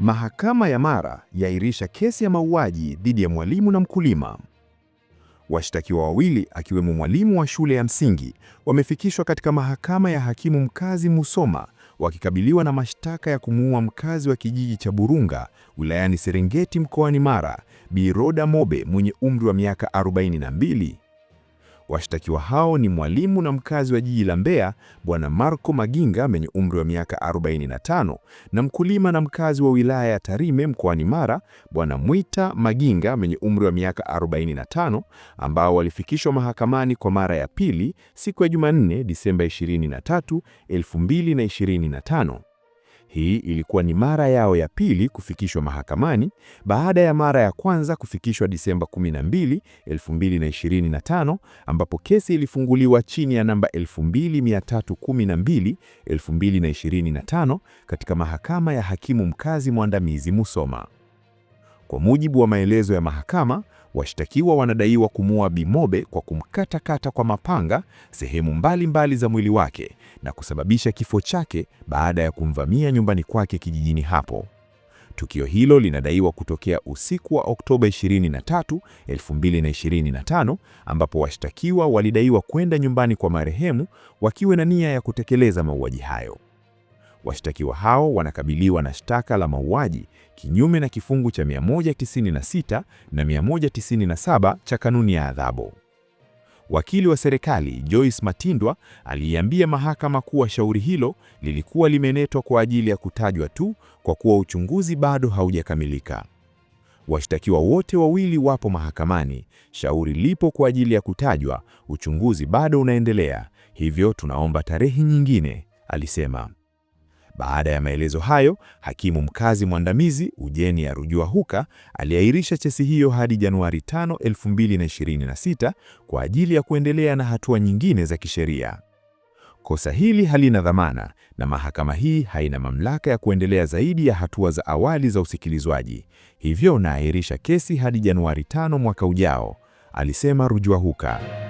Mahakama ya Mara yairisha kesi ya mauaji dhidi ya mwalimu na mkulima. Washtakiwa wawili akiwemo mwalimu wa shule ya msingi wamefikishwa katika mahakama ya hakimu mkazi Musoma wakikabiliwa na mashtaka ya kumuua mkazi wa kijiji cha Burunga wilayani Serengeti mkoani Mara, Bi Roda Mobe mwenye umri wa miaka 42 Washtakiwa hao ni mwalimu na mkazi wa jiji la Mbeya, Bwana Marco Maginga mwenye umri wa miaka 45 na mkulima na mkazi wa wilaya ya Tarime mkoani Mara, Bwana Mwita Maginga mwenye umri wa miaka 45 ambao walifikishwa mahakamani kwa mara ya pili siku ya Jumanne, Disemba 23, 2025. Hii ilikuwa ni mara yao ya pili kufikishwa mahakamani baada ya mara ya kwanza kufikishwa Disemba 12, 2025 ambapo kesi ilifunguliwa chini ya namba 2312 2025 katika mahakama ya hakimu mkazi mwandamizi Musoma. Kwa mujibu wa maelezo ya mahakama, washtakiwa wanadaiwa kumuua Bimobe kwa kumkatakata kwa mapanga sehemu mbalimbali mbali za mwili wake na kusababisha kifo chake baada ya kumvamia nyumbani kwake kijijini hapo. Tukio hilo linadaiwa kutokea usiku wa Oktoba 23, 2025 ambapo washtakiwa walidaiwa kwenda nyumbani kwa marehemu wakiwa na nia ya kutekeleza mauaji hayo. Washtakiwa hao wanakabiliwa na shtaka la mauaji kinyume na kifungu cha 196 na 197 cha kanuni ya adhabu. Wakili wa serikali Joyce Matindwa aliiambia mahakama kuwa shauri hilo lilikuwa limenetwa kwa ajili ya kutajwa tu kwa kuwa uchunguzi bado haujakamilika. Washtakiwa wote wawili wapo mahakamani, shauri lipo kwa ajili ya kutajwa, uchunguzi bado unaendelea, hivyo tunaomba tarehe nyingine, alisema. Baada ya maelezo hayo, hakimu mkazi mwandamizi ujeni Arujua Huka aliahirisha kesi hiyo hadi Januari 5, 2026 kwa ajili ya kuendelea na hatua nyingine za kisheria. Kosa hili halina dhamana na mahakama hii haina mamlaka ya kuendelea zaidi ya hatua za awali za usikilizwaji, hivyo naahirisha kesi hadi Januari 5 mwaka ujao, alisema Huka.